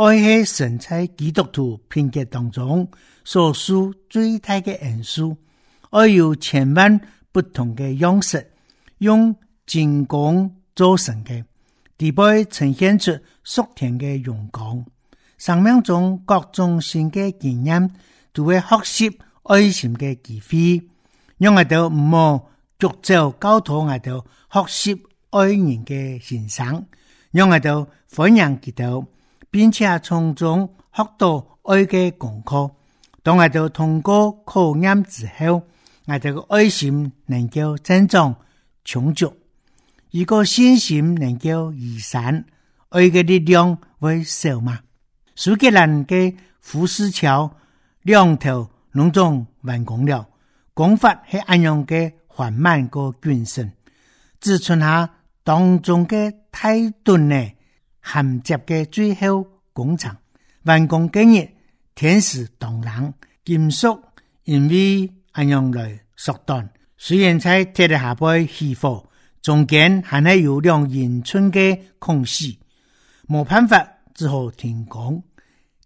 愛係神在基督徒品格當中所賜最大嘅恩賜，愛有千萬不同嘅樣式，用金光做成嘅，地杯呈現出屬天嘅榮光。生命中各種善嘅經驗，就會學習愛情嘅智慧，讓我哋唔忘聚焦交託我哋學習愛人嘅神象，讓我哋火熱祈禱。並且從中學到愛的功課，當我就通過考驗之後，我這個愛心能夠增長、充足；一個信心能夠移山，愛的力量會少嗎？蘇格蘭嘅福斯橋兩頭隆重完工了，工法係安樣嘅緩慢個轉身，只剩下當中嘅太鈍呢？焊接嘅最後工廠完工幾日，天時當冷，金屬因為還樣來縮短，雖然在貼了下背起火，中間還係有兩英寸嘅空隙，冇辦法，只好停工。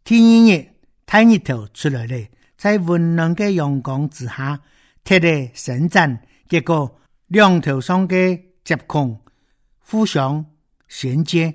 第二日，太陽頭出來了，在溫暖嘅陽光之下，貼了伸展，結果兩頭上嘅接孔互相銜接。銜銜銜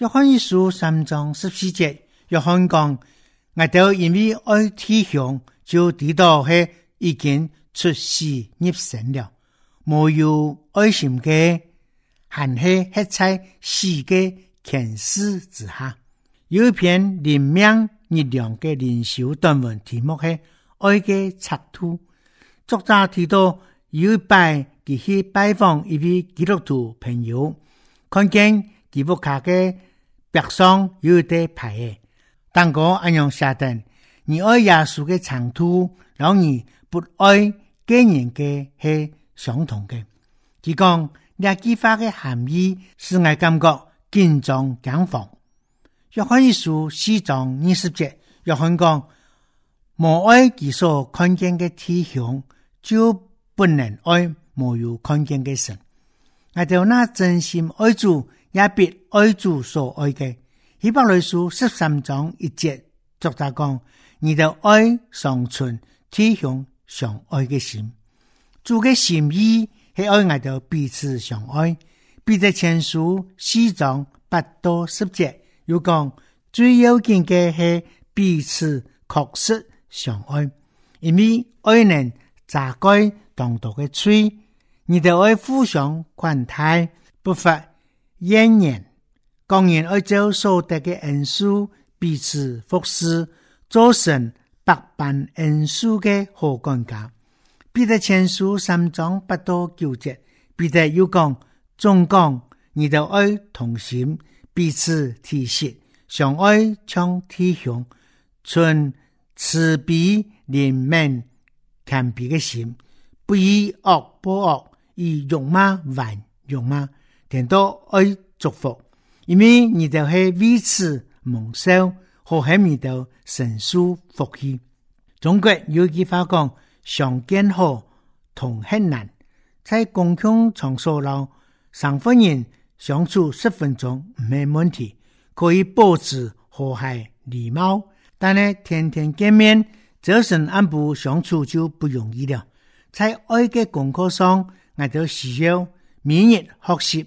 約翰一書三章十四節，約翰講：，我到因為愛弟兄，就提到係已經出死入生了，沒有愛心的還是吃在世界權勢之下。有一篇靈命日糧嘅靈修短文，題目係《愛嘅插圖，作者提到有一拜，佢去拜訪一位基督徒朋友，看見幾幅畫嘅。白霜有一堆白嘅，燈光樣下等，你愛耶穌的長途，然而不愛給人的，係相同的。只講兩句話的含義，是我感覺緊張、驚慌。約翰一書四章二十節，約翰講：冇愛己所看見的弟兄，就不能愛冇有看見的神。我就那真心愛主。也別愛做所愛嘅，希伯來書十三章一節，作者講，你的愛常存天向相愛嘅心，做嘅心意係愛愛到彼此相愛。彼得前書四章八到十節又講，最要緊嘅係彼此確實相愛，因為愛人雜居同道嘅罪，你就愛互相款待，不發演念，講，人愛照所得嘅恩賜，彼此服侍，做成百般恩賜嘅好管家。彼得前書三章八到九節，彼得要講，眾講，你等愛同心，彼此體恤，相愛相弟兄，存慈悲憐憫謙卑嘅心，不以惡報惡，以辱罵還辱罵。點多愛祝福，因為你就係彼此蒙受和諧味的成熟福氣。中國有句話講：相見好，同慶難。在公共場所讓三個人相處十分鐘沒問題，可以保持和諧禮貌。但係天天見面，早晨、暗部相處就不容易了。在愛的功課上，我就需要每日學習。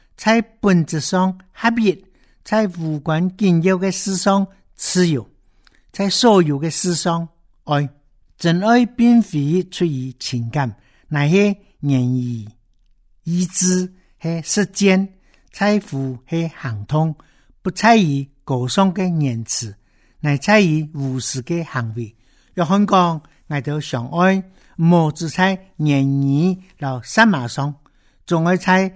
在本質上合，合一；在無關緊要嘅事上持有，自由；在所有嘅事上，愛。真愛並非出於情感，乃是言語、意志和實踐；財富和行動不在於高尚嘅言辭，乃在於務實嘅行為。約翰講，愛到上愛，莫只在言語，留心馬上，總愛在。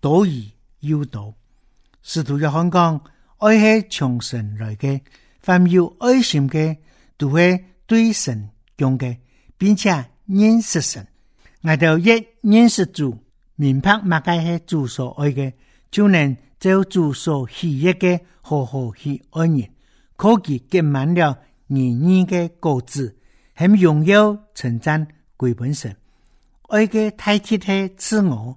多疑有道，使徒約翰講：“愛是從神來嘅，凡有愛心嘅，就會對神講嘅，並且認識神。我哋一認識主，明白乜嘢係主所愛嘅，就能做主所喜悅嘅，好好去愛人。可見結滿了仁義嘅果子，很榮耀稱讚歸本身。愛嘅太切太自我。”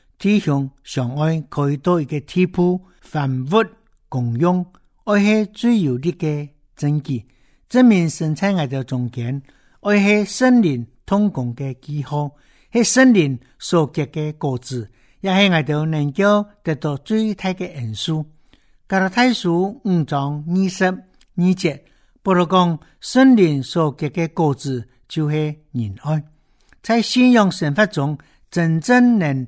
弟兄相愛，可以到一個地步，凡物共用，愛是最有力嘅證據。證明神在我哋中間，愛是聖靈通共嘅基礎，係聖靈所結嘅果子，也是我哋能夠得到最大嘅恩賜。加拉太書五章二十二節，不如講聖靈所結嘅果子，就係仁愛。在信仰生活中，真正能。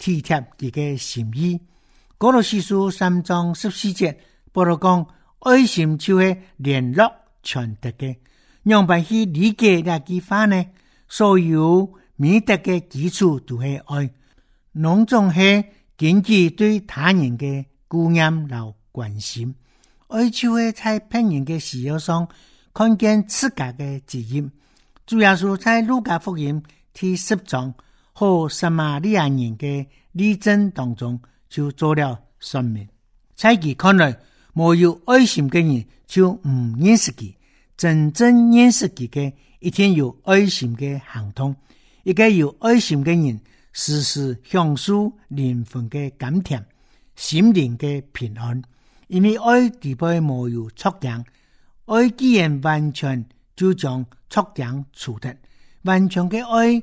體貼伊的心意，《歌羅西書》三章十四節，保羅講：愛心就係聯絡全德嘅。讓百姓理解兩句話呢？所有美德的基礎都是愛，囊中係根據對他人嘅顧念留關心。愛心就係在別人嘅需要上看見自家嘅責任。主要是在路加福音第十章。好撒馬利亞人嘅例證當中，就做了說明。在佢看來，冇有愛心嘅人就唔認識佢；真正認識佢嘅，一定有愛心嘅行動。一個有愛心嘅人，時時享受靈魂嘅甘甜，心靈嘅平安。因為愛絕不會冇有觸感，愛既然完全就將觸感除掉，完全嘅愛。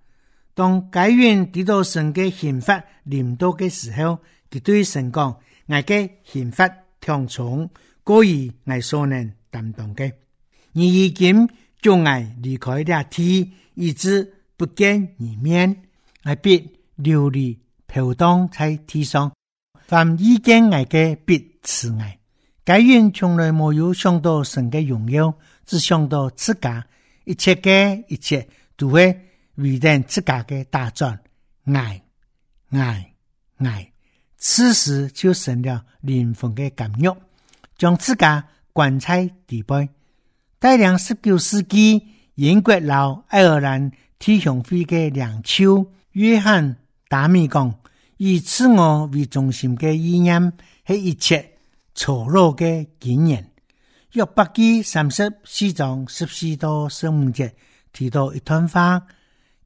當該隱提到神嘅刑罰臨到嘅時候，佢對神講：“我嘅刑罰強重，過於我所能擔當嘅。而已經就愛離開咧天，一直不見一面，我必流離飄蕩在地上。凡遇見我嘅，必殺我。該隱從來沒有想到神嘅擁有，只想到自家一切嘅一切都會。為定自家嘅大戰，愛愛愛此時就成了靈魂嘅監獄，將自家關在地獄。在兩十九世紀英國佬愛爾蘭弟兄會嘅領袖約翰達米講：以自我為中心嘅意念係一切醜陋嘅經驗，約伯記三十四章十四到十,十五節提到一段話。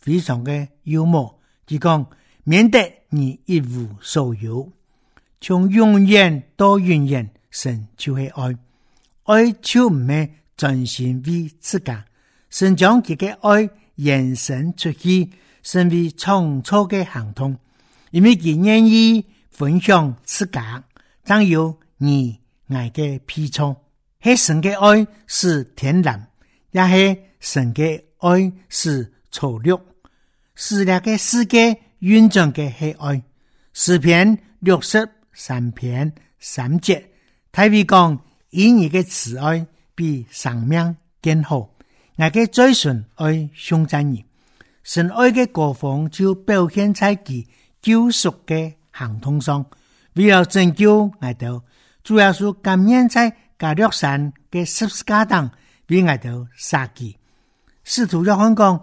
非常的幽默，就講免得你一無所有，從永遠到永遠，神就會愛，愛就唔會轉型為自家，神將佢嘅愛延伸出去，成為創造嘅行動，因為佢願意分享自家，將有你愛嘅比重。黑神嘅愛是天然，也黑神嘅愛是策略。是臘嘅世界蘊藏的黑暗，詩篇六十三篇三節，大衛講，因你的慈愛比生命更好。那嘅追尋愛凶殘，言，神愛的國防就表現在其救贖的行動上。為了拯救我哋，主要是甘願在加略山嘅十字架頂俾我哋殺計，使徒約翰講。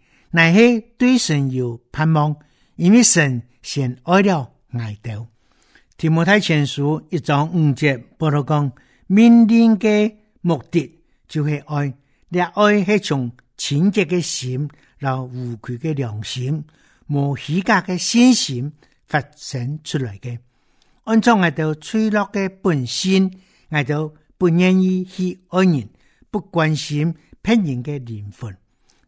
乃係對神有盼望，因為神先愛了我哋。提摩太前書一章五節保羅講：命令嘅目的就係愛，呢愛係從純潔嘅心，然後無虧嘅良心，無虛假嘅信心發生出來嘅。按照我哋脆弱嘅本性，我哋不願意去愛人，不關心別人嘅靈魂。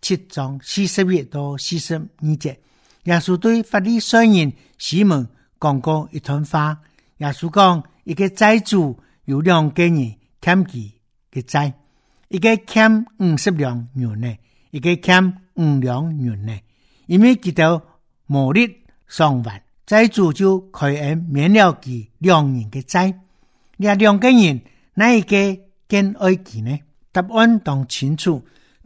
七章四十一到四十二節，耶穌對法利賽人西門講過一段話。耶穌講一個債主有兩個人欠佢嘅債，一個欠五十兩銀呢，一個欠五兩銀呢。因為佢冇力償還，債主就可以免了佢兩人嘅債。呢兩個人哪一個更愛佢呢？答案當清楚。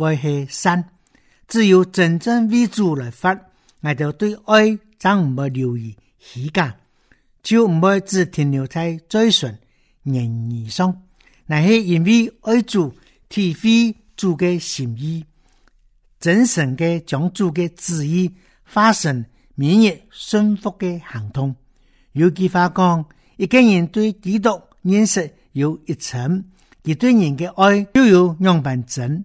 愛係心，只有真正為主來發，那就對愛怎唔會留意虛假，就唔會只停留在追尋言語上。那是因為愛主體會主嘅心意，真誠嘅將主嘅旨意發生免，免於順服嘅行動。有句話講，一個人對基督認識有一層，佢對人嘅愛就有兩半層。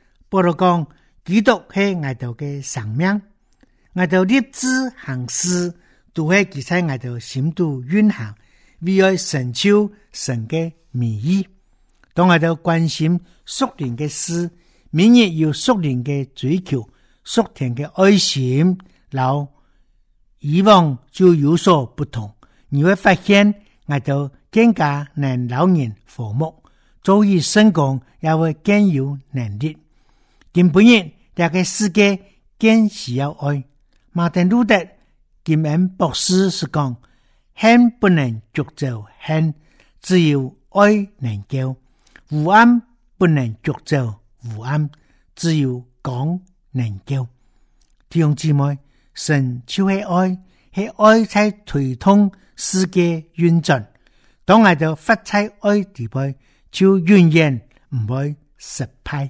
保羅講：基督喺我哋嘅生命，我哋立志行事，都喺自身我哋深度運行，為愛成就神嘅名義，當我哋關心屬靈嘅事，每日有屬靈嘅追求，屬靈嘅愛心，老以往就有所不同。你會發現我哋更加難老人和睦，遭遇升降也會更有能力。今晡日，這個世界更需要愛。馬丁路德金恩博士是講：恨不能逐走恨，只有愛能夠；烏暗不能逐走烏暗，只有光能夠。弟兄姊妹，神就係愛，係愛才推動世界運轉。當嗌到發財愛地位，就永遠唔會失敗。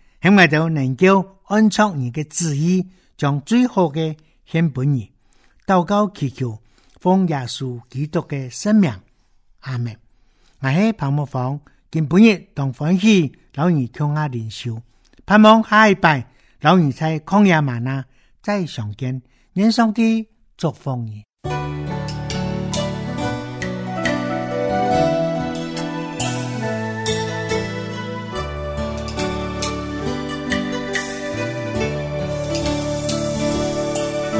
希望就能夠按照你的旨意，將最好的獻給你，禱告祈求，奉耶穌基督嘅聖名，阿門。啊、我喺泡沫房，今本日同房去，老二叫我靈修，盼望下一拜老二在曠野嗎哪，再相見，送上啲祝福語。